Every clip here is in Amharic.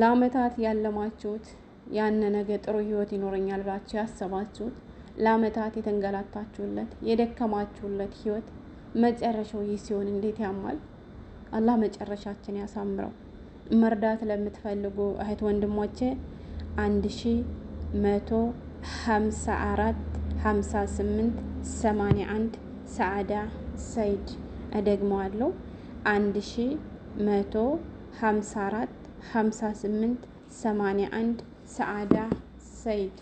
ለአመታት ያለማችሁት ያን ነገ ጥሩ ህይወት ይኖረኛል ብላችሁ ያሰባችሁት ለአመታት የተንገላታችሁለት የደከማችሁለት ህይወት መጨረሻው ይህ ሲሆን እንዴት ያማል። አላህ መጨረሻችን ያሳምረው። መርዳት ለምትፈልጉ እህት ወንድሞቼ አንድ ሺ መቶ ሀምሳ አራት ሀምሳ ስምንት ሰማንያ አንድ ሰዓዳ ሰይድ እደግመዋለሁ አንድ ሺ መቶ ሀምሳ አራት 58 81 ሰዓዳ ሰይድ።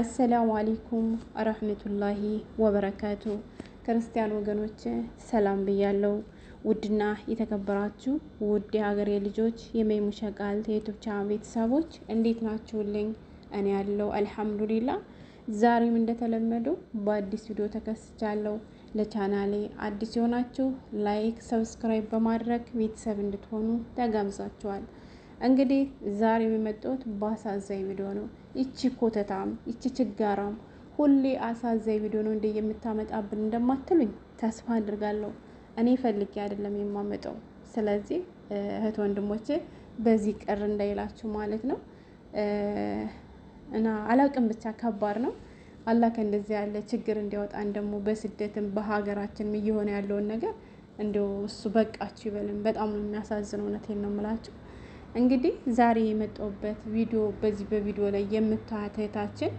አሰላሙ አሌይኩም ረህመቱላሂ ወበረካቱ። ክርስቲያን ወገኖች ሰላም ብያለው። ውድና የተከበራችሁ ውድ የሀገሬ ልጆች የመይሙሻ ቃል የዩቱብ ቤተሰቦች እንዴት ናችሁልኝ? እኔ ያለው አልሐምዱሊላ። ዛሬም እንደተለመዱ በአዲስ ቪዲዮ ተከስቻለሁ። ለቻናሌ አዲስ የሆናችሁ ላይክ፣ ሰብስክራይብ በማድረግ ቤተሰብ እንድትሆኑ ተጋብዛችኋል። እንግዲህ ዛሬ የሚመጡት በአሳዛኝ ቪዲዮ ነው። ይቺ ኮተታም ይቺ ችጋራም ሁሌ አሳዛኝ ቪዲዮ ነው እንደ የምታመጣብን እንደማትሉኝ ተስፋ አድርጋለሁ። እኔ ፈልጌ አይደለም የማመጣው። ስለዚህ እህት ወንድሞቼ በዚህ ቅር እንዳይላችሁ ማለት ነው እና አላውቅም ብቻ ከባድ ነው። አላህ ከእንደዚህ ያለ ችግር እንዲያወጣን ደግሞ በስደትም በሀገራችንም እየሆነ ያለውን ነገር እንዲያው እሱ በቃችሁ ይበልም። በጣም ነው የሚያሳዝን። እውነቴን ነው የምላችሁ። እንግዲህ ዛሬ የመጣሁበት ቪዲዮ በዚህ በቪዲዮ ላይ የምታዩት እህታችን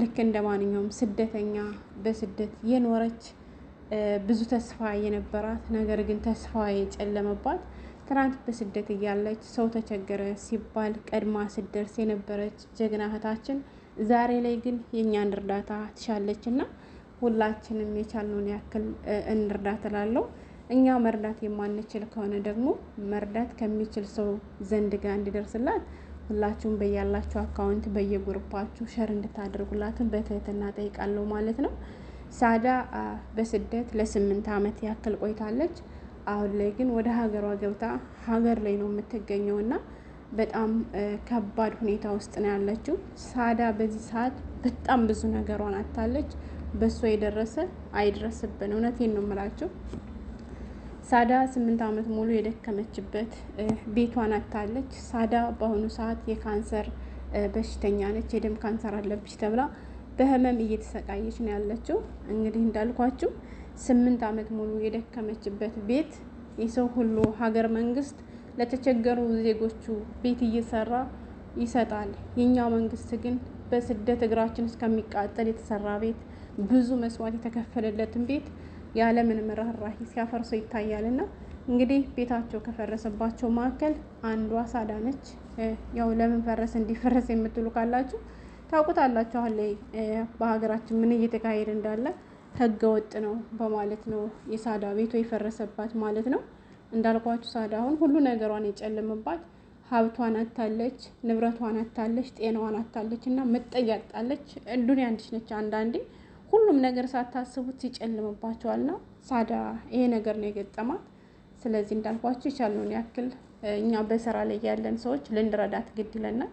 ልክ እንደ ማንኛውም ስደተኛ በስደት የኖረች ብዙ ተስፋ የነበራት ነገር ግን ተስፋ የጨለመባት ትናንት በስደት እያለች ሰው ተቸገረ ሲባል ቀድማ ስደርስ የነበረች ጀግና እህታችን ዛሬ ላይ ግን የእኛን እርዳታ ትሻለች እና ሁላችንም የቻልነውን ያክል እንርዳ ትላለው። እኛ መርዳት የማንችል ከሆነ ደግሞ መርዳት ከሚችል ሰው ዘንድ ጋር እንዲደርስላት ሁላችሁም በያላችሁ አካውንት በየጉርፓችሁ ሸር እንድታደርጉላትን በትህትና ጠይቃለሁ ማለት ነው። ሳዳ በስደት ለስምንት ዓመት ያክል ቆይታለች። አሁን ላይ ግን ወደ ሀገሯ ገብታ ሀገር ላይ ነው የምትገኘው እና በጣም ከባድ ሁኔታ ውስጥ ነው ያለችው። ሳዳ በዚህ ሰዓት በጣም ብዙ ነገሯን አታለች። በእሷ የደረሰ አይድረስብን። እውነቴን ነው የምላቸው። ሳዳ ስምንት ዓመት ሙሉ የደከመችበት ቤቷን አታለች። ሳዳ በአሁኑ ሰዓት የካንሰር በሽተኛ ነች። የደም ካንሰር አለብሽ ተብላ በህመም እየተሰቃየች ነው ያለችው። እንግዲህ እንዳልኳችሁ ስምንት ዓመት ሙሉ የደከመችበት ቤት የሰው ሁሉ ሀገር መንግስት ለተቸገሩ ዜጎቹ ቤት እየሰራ ይሰጣል። የእኛ መንግስት ግን በስደት እግራችን እስከሚቃጠል የተሰራ ቤት ብዙ መስዋዕት የተከፈለለትን ቤት ያለምንም ርህራሄ ሲያፈርሶ ይታያልና እንግዲህ ቤታቸው ከፈረሰባቸው መካከል አንዷ ሳዳ ነች። ያው ለምን ፈረስ እንዲፈረስ የምትሉ ካላችሁ ታውቁታላችሁ ላይ በሀገራችን ምን እየተካሄደ እንዳለ ህገ ወጥ ነው በማለት ነው የሳዳ ቤቷ የፈረሰባት ማለት ነው። እንዳልኳችሁ ሳዳ አሁን ሁሉ ነገሯን የጨለመባት ሀብቷን አታለች፣ ንብረቷን አታለች፣ ጤናዋን አታለች እና መጠያጣለች። ዱንያ ነች አንዳንዴ ሁሉም ነገር ሳታስቡት ይጨልምባቸዋልና ሳዳ ይሄ ነገር ነው የገጠማት። ስለዚህ እንዳልኳቸው የቻልነውን ያክል እኛ በስራ ላይ ያለን ሰዎች ልንረዳት ግድ ይለናል።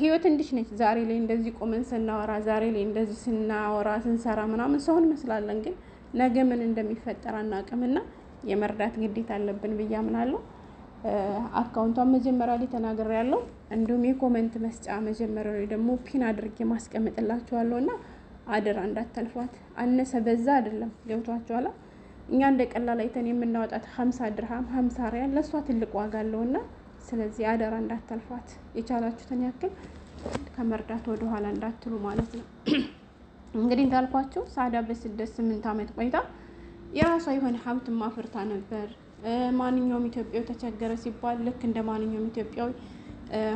ህይወት እንዲሽ ነች። ዛሬ ላይ እንደዚህ ቆመን ስናወራ፣ ዛሬ ላይ እንደዚህ ስናወራ ስንሰራ ምናምን ሰው እንመስላለን፣ ግን ነገ ምን እንደሚፈጠር አናውቅምና የመርዳት ግዴታ አለብን ብዬ አምናለሁ። አካውንቷን መጀመሪያ ላይ ተናግሬያለሁ። እንዲሁም የኮመንት መስጫ መጀመሪያ ላይ ደግሞ ፒን አድርጌ ማስቀምጥላችኋለሁ እና አደራ እንዳታልፏት። አነሰ በዛ አይደለም ገብቷችኋል። እኛ እንደ ቀላል አይተን የምናወጣት ሀምሳ ድርሃም ሀምሳ ሪያል ለእሷ ትልቅ ዋጋ አለውና ስለዚህ አደራ እንዳታልፏት። የቻላችሁትን ያክል ከመርዳት ወደኋላ እንዳትሉ ማለት ነው። እንግዲህ እንዳልኳቸው ሳዳ በስደት ስምንት ዓመት ቆይታ የራሷ የሆነ ሀብት ማፍርታ ነበር። ማንኛውም ኢትዮጵያዊ ተቸገረ ሲባል ልክ እንደ ማንኛውም ኢትዮጵያዊ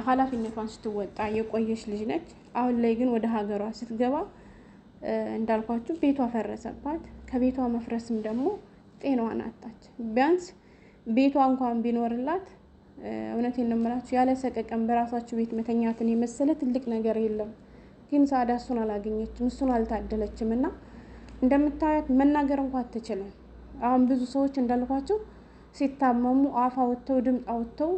ኃላፊነቷን ስትወጣ የቆየች ልጅ ነች። አሁን ላይ ግን ወደ ሀገሯ ስትገባ እንዳልኳችሁ ቤቷ ፈረሰባት። ከቤቷ መፍረስም ደግሞ ጤናዋን አጣች። ቢያንስ ቤቷ እንኳን ቢኖርላት እውነቴን ነው የምላችሁ ያለ ሰቀቀን በራሳችሁ ቤት መተኛትን የመሰለ ትልቅ ነገር የለም። ግን ሳዳ እሱን አላገኘችም፣ እሱን አልታደለችም። እና እንደምታያት መናገር እንኳ አትችልም። አሁን ብዙ ሰዎች እንዳልኳቸው ሲታመሙ አፍ አውጥተው ድምፅ አውጥተው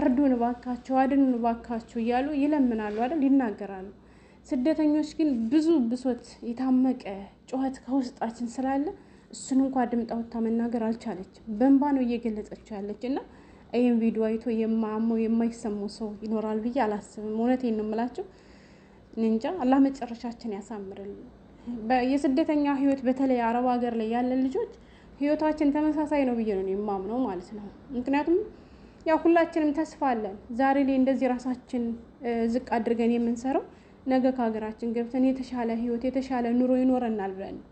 እርዱን እባካችሁ፣ አድኑን እባካችሁ እያሉ ይለምናሉ አይደል? ይናገራሉ ስደተኞች ግን ብዙ ብሶት የታመቀ ጩኸት ከውስጣችን ስላለ እሱን እንኳ ድምጣውታ መናገር አልቻለች። በእንባ ነው እየገለጸችው ያለች እና ይህም ቪዲዮ አይቶ የማያመው የማይሰማው ሰው ይኖራል ብዬ አላስብም። እውነቴን ነው የምላቸው። እንጃ አላህ መጨረሻችን ያሳምርል። የስደተኛ ህይወት በተለይ አረብ ሀገር ላይ ያለን ልጆች ህይወታችን ተመሳሳይ ነው ብዬ ነው የማምነው ማለት ነው። ምክንያቱም ያው ሁላችንም ተስፋ አለን። ዛሬ ላይ እንደዚህ ራሳችን ዝቅ አድርገን የምንሰራው ነገ ከሀገራችን ገብተን የተሻለ ህይወት የተሻለ ኑሮ ይኖረናል ብለን ነው።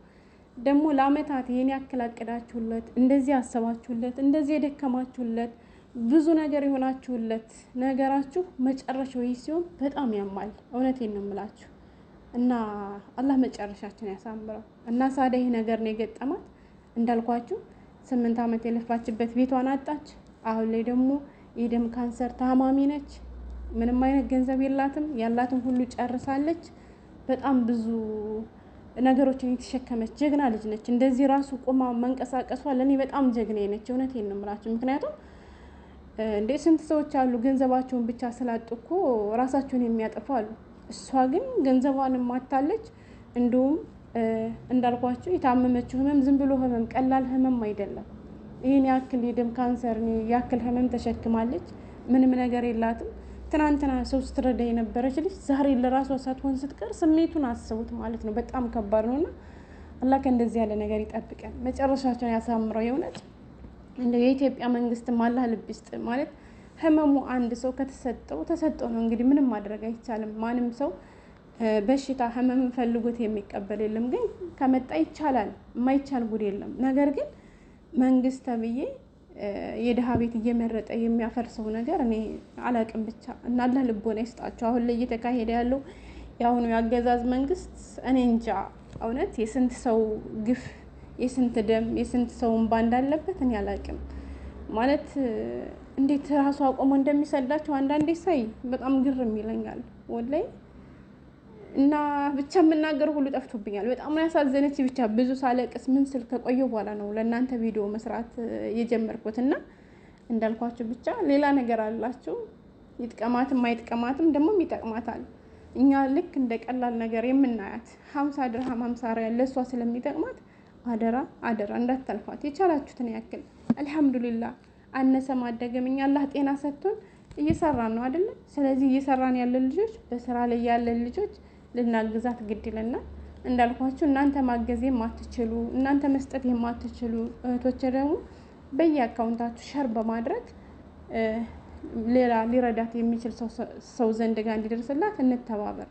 ደግሞ ለአመታት ይህን ያክል አቅዳችሁለት፣ እንደዚህ አሰባችሁለት፣ እንደዚህ የደከማችሁለት ብዙ ነገር የሆናችሁለት ነገራችሁ መጨረሻው ይህ ሲሆን በጣም ያማል። እውነቴን ነው የምላችሁ እና አላህ መጨረሻችን ያሳምረው እና ሳዳ ይህ ነገር ነው የገጠማት እንዳልኳችሁ ስምንት ዓመት የለፋችበት ቤቷን አጣች። አሁን ላይ ደግሞ የደም ካንሰር ታማሚ ነች። ምንም አይነት ገንዘብ የላትም። ያላትን ሁሉ ጨርሳለች። በጣም ብዙ ነገሮችን የተሸከመች ጀግና ልጅ ነች። እንደዚህ ራሱ ቁማ መንቀሳቀሷ ለእኔ በጣም ጀግና ነች። እውነቴን ነው ምክንያቱም እንደ ስንት ሰዎች አሉ ገንዘባቸውን ብቻ ስላጡ እኮ ራሳቸውን የሚያጠፉ አሉ። እሷ ግን ገንዘቧንም ማታለች። እንዲሁም እንዳልኳቸው የታመመችው ህመም ዝም ብሎ ህመም፣ ቀላል ህመም አይደለም። ይህን ያክል የደም ካንሰር ያክል ህመም ተሸክማለች። ምንም ነገር የላትም። ትናንትና ሰው ስትረዳ የነበረች ልጅ ዛሬ ለራሷ ሳትሆን ስትቀር ስሜቱን አስቡት ማለት ነው። በጣም ከባድ ነው እና አላህ እንደዚህ ያለ ነገር ይጠብቀን፣ መጨረሻቸውን ያሳምረው። የእውነት እንደው የኢትዮጵያ መንግስትም አላህ ልብ ይስጥ ማለት ህመሙ አንድ ሰው ከተሰጠው ተሰጠው ነው እንግዲህ ምንም ማድረግ አይቻልም። ማንም ሰው በሽታ ህመም ፈልጎት የሚቀበል የለም። ግን ከመጣ ይቻላል፣ የማይቻል ጉድ የለም። ነገር ግን መንግስት ተብዬ የድሃ ቤት እየመረጠ የሚያፈርሰው ነገር እኔ አላቅም። ብቻ እናለ አላህ ልቦና ይስጣቸው። አሁን ላይ እየተካሄደ ያለው የአሁኑ የአገዛዝ መንግስት እኔ እንጃ እውነት የስንት ሰው ግፍ፣ የስንት ደም፣ የስንት ሰው እንባ እንዳለበት እኔ አላቅም። ማለት እንዴት ራሱ አቆሞ እንደሚሰዳቸው አንዳንዴ ሳይ በጣም ግርም ይለኛል ወላይ። እና ብቻ የምናገር ሁሉ ጠፍቶብኛል። በጣም ያሳዘነች ብቻ ብዙ ሳለቅስ ምን ስል ከቆየ በኋላ ነው ለእናንተ ቪዲዮ መስራት የጀመርኩት። እና እንዳልኳችሁ ብቻ ሌላ ነገር አላችሁ ይጥቀማትም አይጥቀማትም ደግሞም ይጠቅማታል። እኛ ልክ እንደ ቀላል ነገር የምናያት ሀምሳ ድርሃም ሀምሳ ሪያል ለእሷ ስለሚጠቅማት አደራ አደራ እንዳታልፏት። የቻላችሁትን ያክል አልሐምዱሊላ አነሰ ማደገም እኛ አላህ ጤና ሰጥቶን እየሰራን ነው አይደለም። ስለዚህ እየሰራን ያለን ልጆች በስራ ላይ ያለን ልጆች ልናግዛት ግድልና እንዳልኳችሁ እናንተ ማገዝ የማትችሉ እናንተ መስጠት የማትችሉ እህቶች ደግሞ በየአካውንታችሁ ሸር በማድረግ ሌላ ሊረዳት የሚችል ሰው ዘንድ ጋር እንዲደርስላት እንተባበር።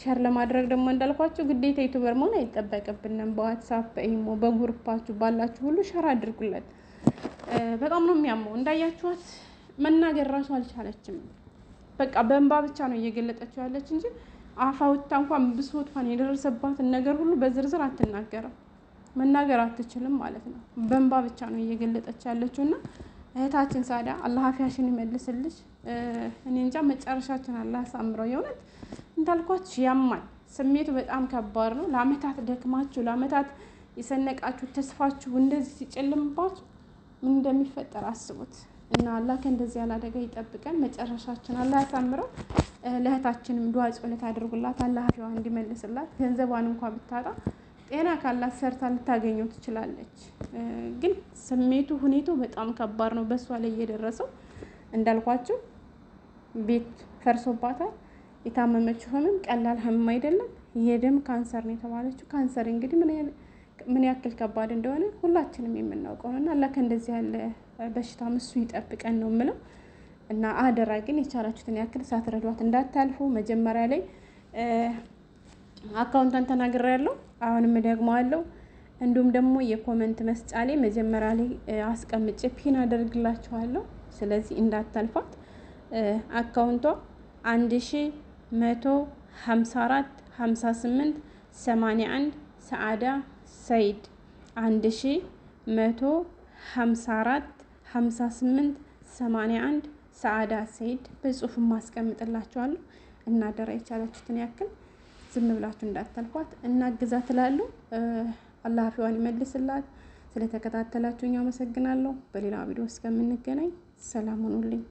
ሸር ለማድረግ ደግሞ እንዳልኳችሁ ግዴታ ዩቱበር መሆን አይጠበቅብንም። በዋትሳፕ በኢሞ በጉርፓችሁ ባላችሁ ሁሉ ሸር አድርጉለት። በጣም ነው የሚያመው። እንዳያችኋት መናገር ራሱ አልቻለችም። በቃ በእንባ ብቻ ነው እየገለጠችው ያለች እንጂ አፋውታ እንኳን ብሶቷን የደረሰባትን ነገር ሁሉ በዝርዝር አትናገርም፣ መናገር አትችልም ማለት ነው። በእንባ ብቻ ነው እየገለጠች ያለችው እና እህታችን ሳዳ አላህ አፊያሽን ይመልስልሽ። እኔ እንጃ መጨረሻችን አላህ ያሳምረው። የእውነት እንዳልኳች ያማል። ስሜቱ በጣም ከባድ ነው። ለአመታት ደክማችሁ ለአመታት የሰነቃችሁ ተስፋችሁ እንደዚህ ሲጨልምባችሁ ምን እንደሚፈጠር አስቡት እና አላህ ከእንደዚህ ያለ አደጋ ይጠብቀን። መጨረሻችን አላህ ያሳምረው። ለእህታችንም ዱዓ ጸሎት ያድርጉላት፣ አላህ እንዲመልስላት። ገንዘቧን እንኳ ብታጣ ጤና ካላት ሰርታ ልታገኘው ትችላለች። ግን ስሜቱ ሁኔታው በጣም ከባድ ነው በእሷ ላይ እየደረሰው እንዳልኳችሁ ቤት ፈርሶባታል። የታመመችው ህመም ቀላል ህመም አይደለም። የደም ካንሰር ነው የተባለችው። ካንሰር እንግዲህ ምን ያክል ከባድ እንደሆነ ሁላችንም የምናውቀው ነው እና አላህ ከእንደዚህ ያለ በሽታ ምሱ ይጠብቀን ነው የምለው። እና አደራ ግን የቻላችሁትን ያክል ሳትረዷት እንዳታልፉ። መጀመሪያ ላይ አካውንቷን ተናግሬያለሁ። አሁንም አለው። እንዲሁም ደግሞ የኮመንት መስጫ ላይ መጀመሪያ ላይ አስቀምጬ ፒን አደርግላችኋለሁ። ስለዚህ እንዳታልፏት። አካውንቷ አንድ ሺ መቶ ሀምሳ አራት ሀምሳ ስምንት ሰማኒያ አንድ ሰአዳ ሰይድ አንድ ሺ መቶ ሀምሳ አራት ሀምሳ ስምንት ሰማኒያ አንድ ሰአዳ ሰይድ በጽሁፍም ማስቀምጥላችኋለሁ። እና ደራ የቻላችሁትን ያክል ዝም ብላችሁ እንዳታልፏት እና ግዛ ትላሉ። አላህ አፊዋን ይመልስላት። ስለተከታተላችሁኝ አመሰግናለሁ። በሌላ ቪዲዮ እስከምንገናኝ ሰላም ሁኑልኝ።